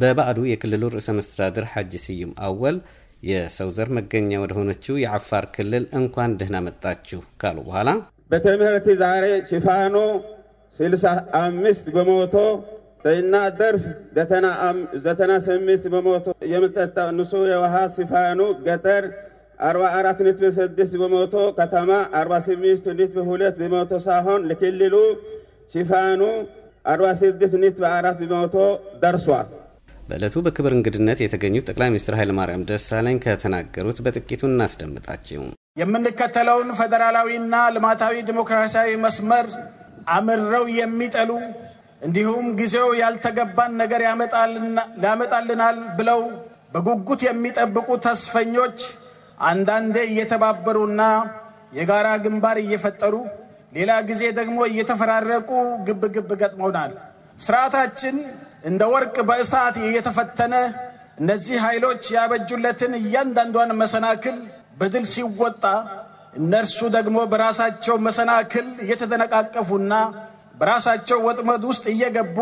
በበዓሉ የክልሉ ርዕሰ መስተዳድር ሐጂ ስዩም አወል የሰው ዘር መገኛ ወደ ሆነችው የአፋር ክልል እንኳን ደህና መጣችሁ ካሉ በኋላ በትምህርት ዛሬ ሽፋኑ 65 በመቶ እና ደርፍ ዘጠና ስምንት በመቶ የምጠጣ ንሱ የውሃ ሽፋኑ ገጠር 44 ነጥብ 6 በመቶ ከተማ 48 ነጥብ 2 በመቶ ሳሆን ለክልሉ ሽፋኑ 46 ነጥብ 4 በመቶ ደርሷል። በዕለቱ በክብር እንግድነት የተገኙት ጠቅላይ ሚኒስትር ኃይለማርያም ደሳለኝ ከተናገሩት በጥቂቱ እናስደምጣቸው። የምንከተለውን ፌዴራላዊና ልማታዊ ዲሞክራሲያዊ መስመር አምረው የሚጠሉ እንዲሁም ጊዜው ያልተገባን ነገር ያመጣልናል ብለው በጉጉት የሚጠብቁ ተስፈኞች አንዳንዴ እየተባበሩና የጋራ ግንባር እየፈጠሩ ሌላ ጊዜ ደግሞ እየተፈራረቁ ግብግብ ገጥመውናል። ስርዓታችን እንደ ወርቅ በእሳት እየተፈተነ እነዚህ ኃይሎች ያበጁለትን እያንዳንዷን መሰናክል በድል ሲወጣ እነርሱ ደግሞ በራሳቸው መሰናክል እየተደነቃቀፉና በራሳቸው ወጥመድ ውስጥ እየገቡ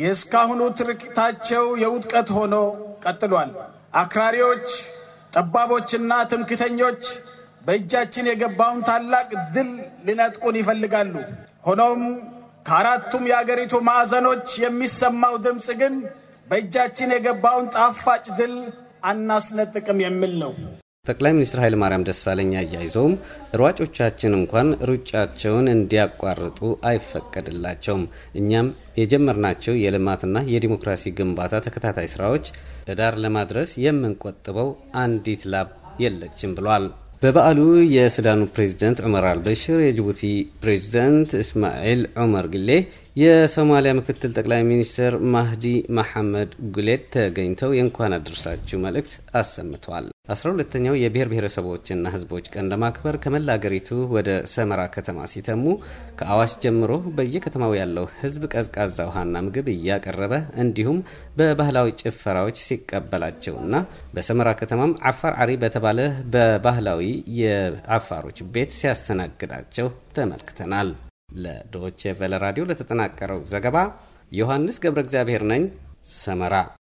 የእስካሁኑ ትርክታቸው የውድቀት ሆኖ ቀጥሏል። አክራሪዎች፣ ጠባቦችና ትምክተኞች በእጃችን የገባውን ታላቅ ድል ሊነጥቁን ይፈልጋሉ። ሆኖም ከአራቱም የአገሪቱ ማዕዘኖች የሚሰማው ድምፅ ግን በእጃችን የገባውን ጣፋጭ ድል አናስነጥቅም የሚል ነው። ጠቅላይ ሚኒስትር ኃይለማርያም ደሳለኝ አያይዘውም ሯጮቻችን እንኳን ሩጫቸውን እንዲያቋርጡ አይፈቀድላቸውም። እኛም የጀመርናቸው የልማትና የዲሞክራሲ ግንባታ ተከታታይ ስራዎች ዳር ለማድረስ የምንቆጥበው አንዲት ላብ የለችም ብሏል። በበዓሉ የሱዳኑ ፕሬዚደንት ዑመር አልበሽር፣ የጅቡቲ ፕሬዚደንት እስማኤል ዑመር ግሌ፣ የሶማሊያ ምክትል ጠቅላይ ሚኒስትር ማህዲ መሐመድ ጉሌድ ተገኝተው የእንኳን አደረሳችሁ መልእክት አሰምተዋል። አስራ ሁለተኛው የብሔር ብሔረሰቦችና ህዝቦች ቀን ለማክበር ከመላ አገሪቱ ወደ ሰመራ ከተማ ሲተሙ ከአዋሽ ጀምሮ በየከተማው ያለው ህዝብ ቀዝቃዛ ውሃና ምግብ እያቀረበ እንዲሁም በባህላዊ ጭፈራዎች ሲቀበላቸውና በሰመራ ከተማም አፋር አሪ በተባለ በባህላዊ የአፋሮች ቤት ሲያስተናግዳቸው ተመልክተናል። ለዶቼ ቨለ ራዲዮ ለተጠናቀረው ዘገባ ዮሐንስ ገብረ እግዚአብሔር ነኝ ሰመራ